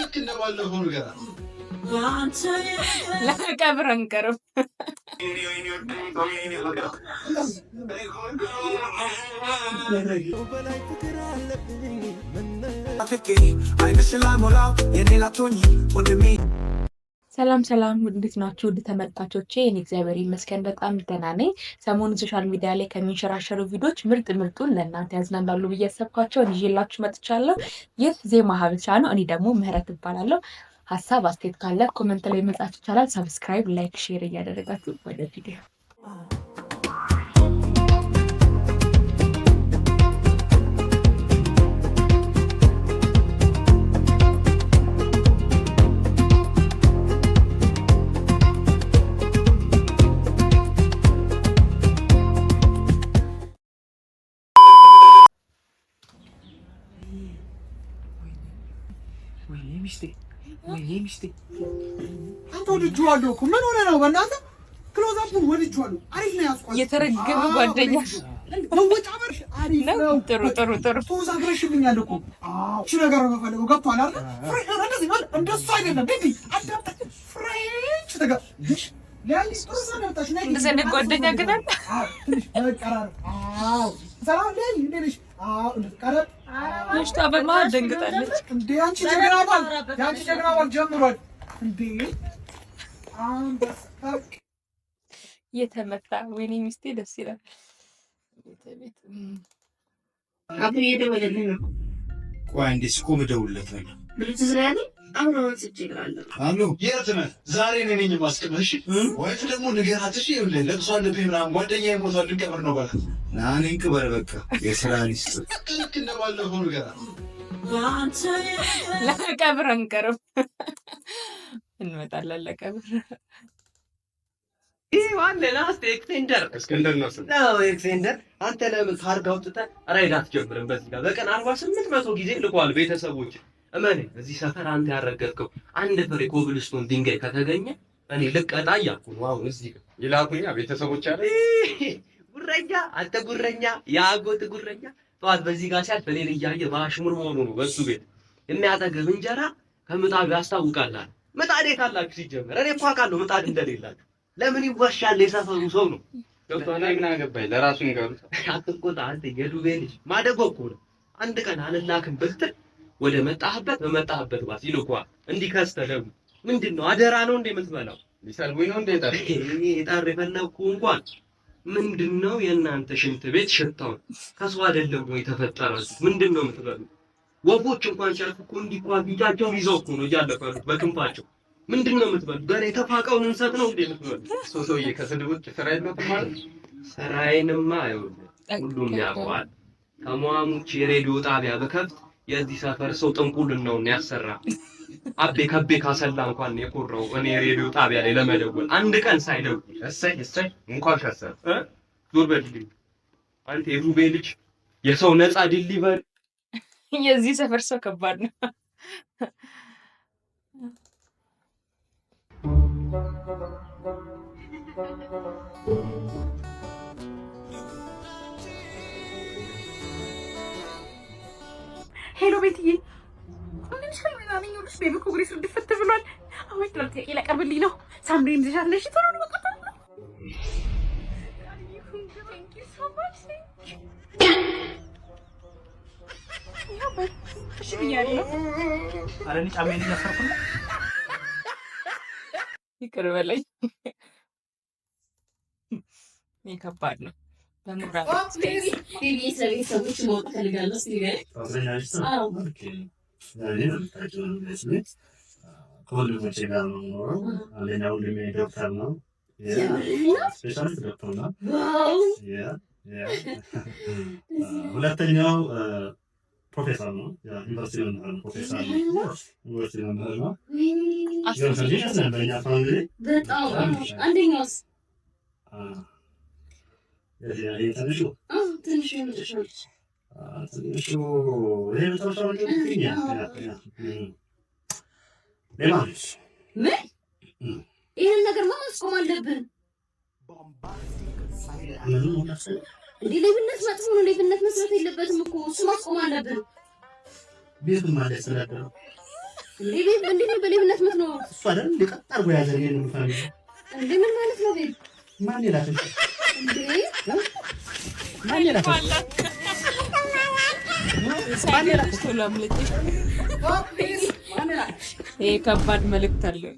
ልክ እንደባለፈው ነገር ለቀብር እንቅርብ ፍቅር አይነት ስላሞላ የኔ ላቶኝ ወንድሜ ሰላም ሰላም፣ እንዴት ናችሁ? ውድ ተመልካቾቼ እኔ እግዚአብሔር ይመስገን በጣም ደህና ነኝ። ሰሞኑን ሶሻል ሚዲያ ላይ ከሚንሸራሸሩ ቪዲዮች ምርጥ ምርጡን ለእናንተ ያዝናናሉ ብዬ ያሰብኳቸውን ይዤላችሁ መጥቻለሁ። ይህ ዜማ ሀበሻ ነው። እኔ ደግሞ ምህረት እባላለሁ። ሀሳብ አስተያየት ካለ ኮመንት ላይ መጻፍ ይቻላል። ሰብስክራይብ፣ ላይክ፣ ሼር እያደረጋችሁ ወደ ቪዲዮ ሚስቴ፣ ወይኔ ሚስቴ፣ አንተ ወድጄዋለሁ እኮ ምን ሆነህ ነው? በእናትህ ክሎዛፑን ወድጄዋለሁ። አሪፍ ነው ያስኳት። የተረገመ ጓደኛ ጓደኛ ግን አለ። ልጅቷ በመሀል ደንግጣለች። እንዴ አንቺ ጀግና ባል ያንቺ ጀግና ባል ጀምሯል እንዴ የተመታ ወይኔ ሚስቴ ደስ ይላል። አብሬ ደወለልኝ ነው። ቆይ አንዴ ስቆም እደውልለት ነው። አብረውን ስጅላለ አሉ የት ነህ? ዛሬ ነኝ ደግሞ ንገራት እሺ። ይኸውልህ ለቅሶ አለብኝ ምናምን ጓደኛዬ ሞቷል ልንቀብር ነው በቃ የስራ ሊስጥ ልክ እንደባለፈው ንገራት ለቀብር እንመጣለን። ለቀብር አንተ ለምን አውጥተህ ራይድ አትጀምርም? በዚህ በቀን አርባ ስምንት መቶ ጊዜ ልኳል ቤተሰቦች እመኔ እዚህ ሰፈር አንተ ያረገጥከው አንድ ፍሬ ኮብልስቶን ድንጋይ ከተገኘ እኔ ልቀጣ እያልኩ ነው። አሁን እዚህ ይላኩኛ ቤተሰቦች አለ ጉረኛ፣ አንተ ጉረኛ፣ የአጎት ጉረኛ ጠዋት በዚህ ጋር ሲያልፍ እኔን እያየ በአሽሙር መሆኑ ነው። በሱ ቤት የሚያጠገብ እንጀራ ከምጣዱ ያስታውቃላል። ምጣድ ካላችሁ ሲጀመር እኔ እኮ አውቃለሁ ምጣድ እንደሌላችሁ። ለምን ይዋሻል? የሰፈሩ ሰው ነው። ገብቶሃል? ምን አገባኝ። ለራሱ ንገሩ። አትቆጣ አንተ የዱቤ ልጅ ማደጎ እኮ ነው። አንድ ቀን አልላክም ብትል ወደ መጣህበት በመጣህበት ባስ ይልኳ እንዲከስ ተደጉ ምንድን ነው አደራ ነው እንደ የምትበላው ሊሰርቡኝ ነው እንደ ጠር ጠር የፈለግኩ እንኳን ምንድን ነው የእናንተ ሽንት ቤት ሽታውን ከሱ አይደለም ወይ ተፈጠረ ምንድን ነው የምትበሉ? ወፎች እንኳን ሲያልፉ እኮ እንዲህ እንኳን ይዘው እኮ ነው እያለፈ ያሉት በክንፋቸው። ምንድን ነው የምትበሉ? ገና የተፋቀውን እንሰት ነው እንደ የምትበሉ? ሰውዬ ከስድብ ውጭ ስራ የለውም ማለት ስራዬንማ፣ ይኸውልህ ሁሉም ያውቀዋል። ከሟሙች የሬዲዮ ጣቢያ በከብት የዚህ ሰፈር ሰው ጥንቁልናውን ያሰራ አቤ ከቤ ካሰላ እንኳን የኮራው እኔ ሬዲዮ ጣቢያ ላይ ለመደወል አንድ ቀን ሳይደውል እሰይ እሰይ እንኳን ሸሰር ዞር በል አንተ የዱቤ ልጅ የሰው ነፃ ዲሊቨር የዚህ ሰፈር ሰው ከባድ ነው። Thank you. ሄሎ ቤትዬ ምንሽል ምናምን ይኸውልሽ ቤቢ ኮንግሬስ እንድፈት ብሏል። አሁን ጥራት ጥያቄ ላቀርብልኝ ነው። ሳምሪ ምዝሻለሽ ቶሎ ነው በቃ ይቅር በለኝ። ከባድ ነው። ቤተሰቦች መውጣት ፈልጋለሁ ከወንድሞቼ ጋር ነው የምኖረው። አንደኛ ወንድሜ ዶክተር ነው፣ ስፔሻሊስት ዶክተር ነው። ሁለተኛው ፕሮፌሰር ነው፣ ዩኒቨርሲቲ መምህር ነው። ፕሮፌሰር ነው፣ ዩኒቨርሲቲ መምህር ነው። በእኛ ፋሚሊ አንደኛውስ ይህንን ነገር ማስቆም አለብን። እንዲህ ሌብነት መጥፎ ነው። ሌብነት መስራት የለበትም እኮ እሱ ማስቆም አለብን። ቤቱ ማለት ነው። እንዴት ነው በሌብነት ምትኖሩት? እሱ አይደል እንደ ቀጥ አድርጎ ያዘ። ምን ማለት ነው ቤት ማን ይላል ይሄ ከባድ መልእክት አለው።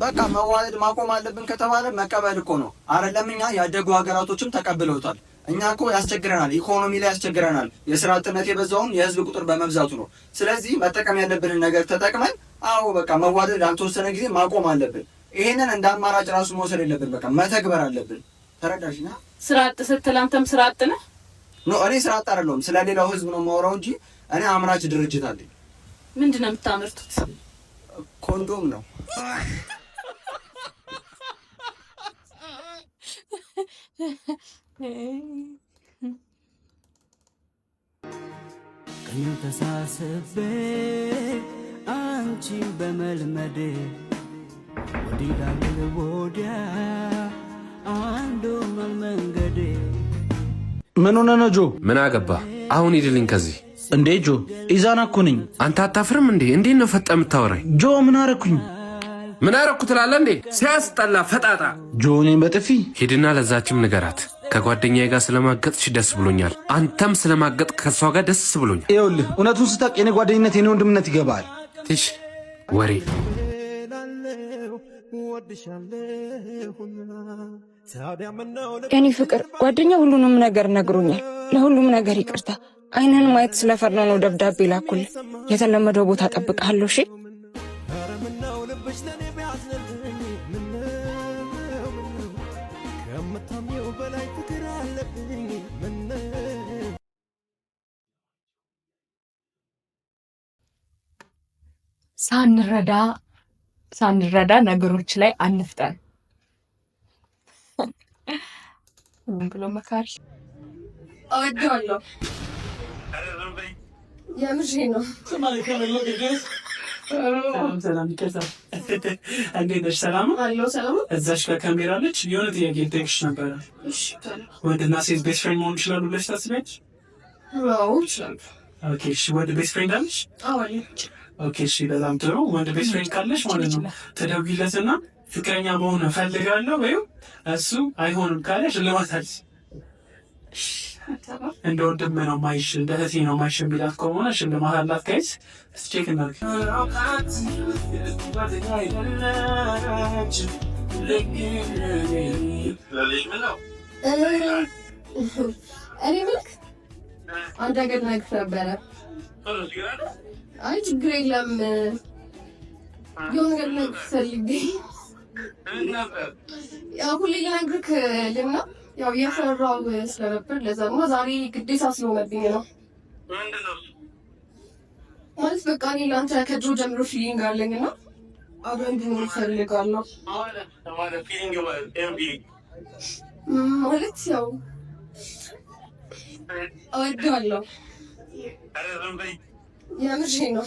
በቃ መዋለድ ማቆም አለብን ከተባለ መቀበል እኮ ነው። አይደለም እኛ ያደጉ ሀገራቶችም ተቀብለውታል። እኛ እኮ ያስቸግረናል፣ ኢኮኖሚ ላይ ያስቸግረናል። የስራ አጥነት የበዛውን የህዝብ ቁጥር በመብዛቱ ነው። ስለዚህ መጠቀም ያለብንን ነገር ተጠቅመን አዎ በቃ መዋደድ አልተወሰነ ጊዜ ማቆም አለብን። ይሄንን እንደ አማራጭ ራሱ መውሰድ የለብን። በቃ መተግበር አለብን። ተረዳሽና ስራ አጥ ስትል አንተም ስራ አጥ ነህ? ኖ እኔ ስራ አጥ አይደለሁም። ስለ ሌላው ህዝብ ነው የማወራው እንጂ እኔ አምራች ድርጅት አለኝ። ምንድን ነው የምታመርቱት? ኮንዶም ነው። ተሳስቤ አንቺን በመልመድ ወዲህ ወዲያ አንዱ መንገዴ ምን ሆነ ነው ጆ? ምን አገባ አሁን ሂድልኝ ከዚህ። እንዴ ጆ ኢዛና እኮ ነኝ። አንተ አታፍርም እንዴ? እንዴት ነው ፈጣ የምታወራኝ? ጆ ምን አረኩኝ? ምን አረኩ ትላለ እንዴ? ሲያስጠላ ፈጣጣ። ጆ እኔን በጥፊ ሂድና ለዛችም ንገራት ከጓደኛዬ ጋር ስለማገጥሽ ደስ ብሎኛል። አንተም ስለማገጥ ከሷ ጋር ደስ ብሎኛል። ይኸውልህ እውነቱን ስታቅ የኔ ጓደኝነት የኔ ወንድምነት ይገባል። የምትሽ ወሬ የኔ ፍቅር ጓደኛ ሁሉንም ነገር ነግሮኛል። ለሁሉም ነገር ይቅርታ። አይንህን ማየት ስለፈራ ነው ደብዳቤ ላኩል። የተለመደው ቦታ ጠብቃለሁ። እሺ ሳንረዳ ሳንረዳ ነገሮች ላይ አንፍጠን ብሎ መካሪ እወደዋለሁ። የምር ነው። ሰላም አለች። የሆነ ጥያቄ ልጠይቅሽ ነበረ። ወንድና ሴት ቤስት ፍሬንድ መሆን ይችላሉ ብለሽ ታስቢያለሽ? ወንድ ቤስት ፍሬንድ አለሽ? ኦኬ እሺ፣ በጣም ጥሩ ወንድ ቤስት ፍሬንድ ካለሽ ማለት ነው ተደውይለትና ፍቅረኛ መሆን እፈልጋለሁ ወይም እሱ አይሆንም ካለሽ ልማታል እንደ ወንድም ነው ማይሽ እንደ እህቴ ነው ማይሽ የሚላት ከሆነ ሽልማት አላት። ከይስ ስቼክ እናርግ። እኔ ምልክ አንድ ነገር ነግር ነበረ አይ ችግር የለም። የሆነ ነገር ልነግርህ ፈልጌ ያው ሁሌ ልነግርህ ልና ያው የፈራው ስለነበር ለዛ ነው ዛሬ ግዴታ ስለሆነብኝ ነው። ማለት በቃ እኔ ለአንተ ከድሮ ጀምሮ ፊሊንግ አለኝ እና አብረን እንድንሆን እፈልጋለሁ። ማለት ያው እወድሃለሁ የምርሽ ነው።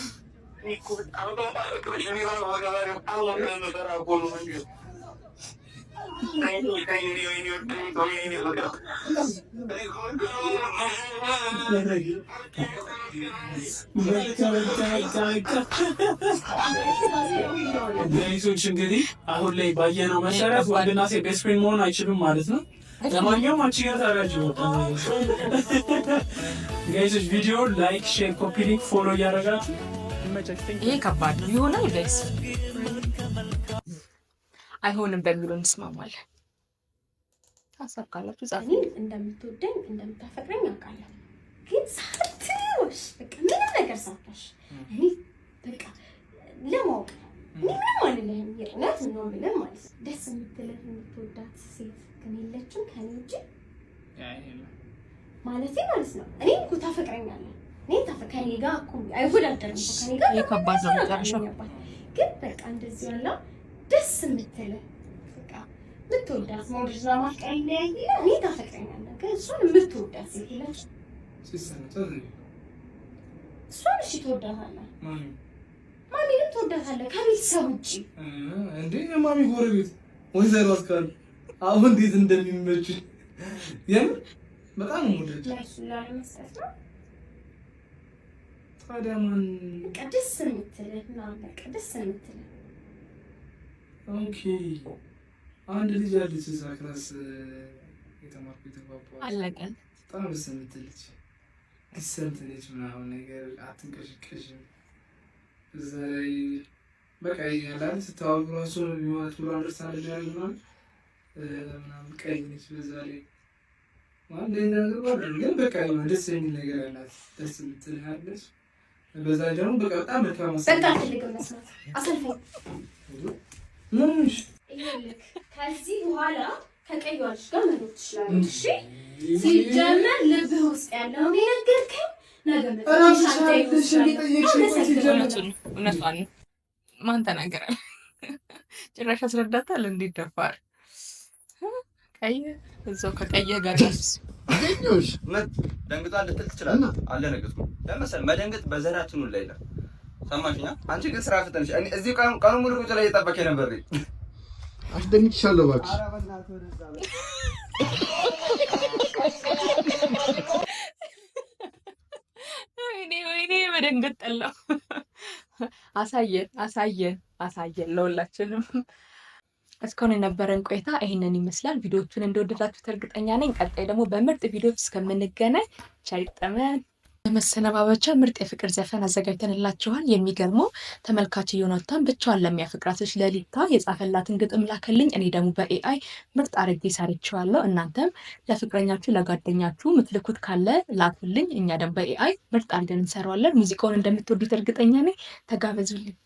እንግዲህ አሁን ላይ ባየነው መሰረት ወንድና ሴት ቤስት ፍሬንድ መሆን አይችልም ማለት ነው። ለማንኛውም አንቺ ጋር ታሪያችሁ ጋይሶች ቪዲዮ ላይክ፣ ሼር፣ ኮፒ ሊንክ፣ ፎሎ እያደረጋችሁ ይሄ ከባድ ይሆናል ጋይስ አይሆንም በሚሉ እንስማማለን። ሀሳብ ካላችሁ ጻፉ። እንደምትወደኝ እንደምታፈቅረኝ አውቃለሁ፣ ግን ሳትወሽ በቃ ምንም ነገር ሳትወሽ እኔ በቃ ለማወቅ ምንም አልልህም። የእውነት ነው ምንም ማለት ደስ የምትልህ የምትወዳት ሴት ግን የለችም ከኔ ውጭ ማለት ማለት ነው። እኔ እኮ ታፈቅረኛለህ፣ እኔ ከኔ ጋር እኮ አይወዳደርም። ከኔ ጋር ከባድ ግን በቃ እንደዚህ ያለ ደስ የምትልህ በቃ የምትወዳት መውደድ ማፍቀር ይለያያል። እኔ ታፈቅረኛለህ፣ ግን እሷን የምትወዳት ሴት የለችም። እሷን እሺ ትወዳታለህ ማሚንም ትወዳታለህ ከቤተሰብ ውጭ እንዴ? የማሚ ጎረቤት ወይዘሮ አስካል አሁን እንዴት እንደሚመችኝ የምር በጣም ሙደት አንድ ልጅ አለች እዛ ክላስ የተማርኩ የተግባባ አለቀ። በጣም ደስ የምትል ልጅ ምናምን ነገር አትንቀሽቀሽም እዛ በቃ ይላል ስተዋወቅ ራሱ የሚሆነት ብሎ አንደርስታንድ ያደርግናል ምናምን ቀይ ነች በዛ ላይ ግን በቃ ደስ የሚል ነገር ያላት ደስ የምትል በዛ ደግሞ በቃ በጣም መልካም ከዚህ በኋላ ከቀይ ጋር መኖር ትችላለሽ። ሲጀመር ልብህ ውስጥ ያለውን የነገርከኝ እውነቷን ማን ተናገራል? ጭራሽ አስረዳታል። እንዴት ደፋር ቀይ እዛው ከቀየ ጋር ደንግጣ ልትል ትችላለህ። አልደነገጥኩም። ለምሳሌ መደንገጥ በዘራችን ላይ ነው። ሰማሽኛ? አንቺ ግን ስራ ፍተንሽ እዚህ ቀኑ ሙሉ ቁጭ ላይ እየጠበቀኝ ነበር። አስደንግጥሻለሁ እባክሽ በደንገት ጠላው። አሳየን አሳየን አሳየን ለሁላችንም። እስካሁን የነበረን ቆይታ ይህንን ይመስላል። ቪዲዮቹን እንደወደዳችሁ እርግጠኛ ነኝ። ቀጣይ ደግሞ በምርጥ ቪዲዮች እስከምንገናኝ ቻይጠመን ለመሰነባበቻ ምርጥ የፍቅር ዘፈን አዘጋጅተንላችኋል። የሚገርመው ተመልካች ዮናታን ብቻዋን ለሚያፈቅራቶች ለሊታ የጻፈላትን ግጥም ላከልኝ። እኔ ደግሞ በኤአይ ምርጥ አርጌ ሳርችዋለሁ። እናንተም ለፍቅረኛችሁ ለጓደኛችሁ ምትልኩት ካለ ላኩልኝ። እኛ ደግሞ በኤአይ ምርጥ አርገን እንሰራዋለን። ሙዚቃውን እንደምትወዱት እርግጠኛ ነኝ። ተጋበዙልኝ።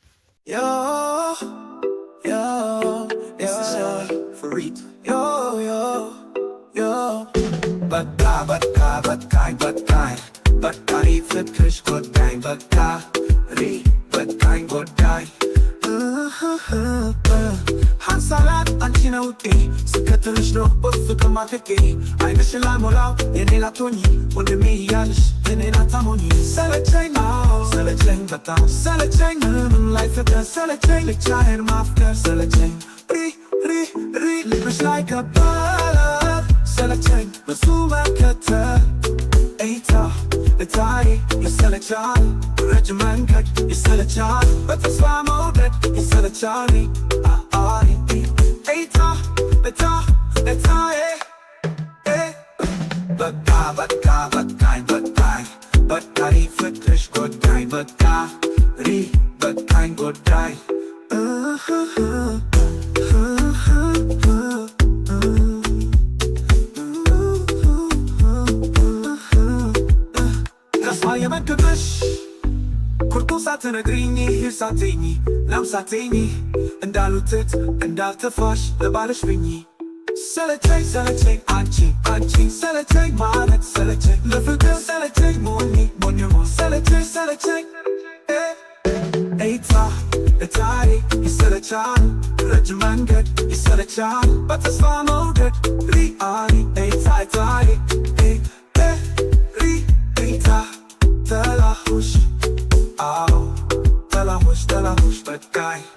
በቃ በቃ በቃኝ በቃኝ በቃሪ ፍቅርሽ ጎዳኝ በቃሪ በቃኝ ጎዳኝ ሀንሳላት አንቺ ነው ውጤ ስከትልሽ ነው በፍቅር ማተቄ አይንሽን ላልሞላው የኔላ ቶኝ ወንድሜ እያልሽ እኔን አታሞኝ ሰለቸኝ ሰለቸኝ በጣም ሰለቸኝ ምንም ላይ ፍቅር ሰለቸኝ ልቻዬን ማፍቀር ሰለቸኝ ሪ ሪ ሪ ልብሽ ላይ ገባ ሰለቸኝ በሱ መከተል çağır Bırakın ben kaç, hisse de çağır Öpüs var mı o bet, hisse de çağır ah. Toată negrini, hi satini, l-am satini În dal utât, în dal tăfaș, le bară șpini Să le trei, să le trei, anci, anci Să le trei, manet, să le trei, le fâcă Să le trei, moni, moni, moni Să le trei, să le trei, ei eh. ta, e tari, i se le cial Regimen gât, i se le cial Bă te sfam o gât, ri ari Ei ta, e tari, ei, e, ri, ri ta Te la huși, still a hush, but guy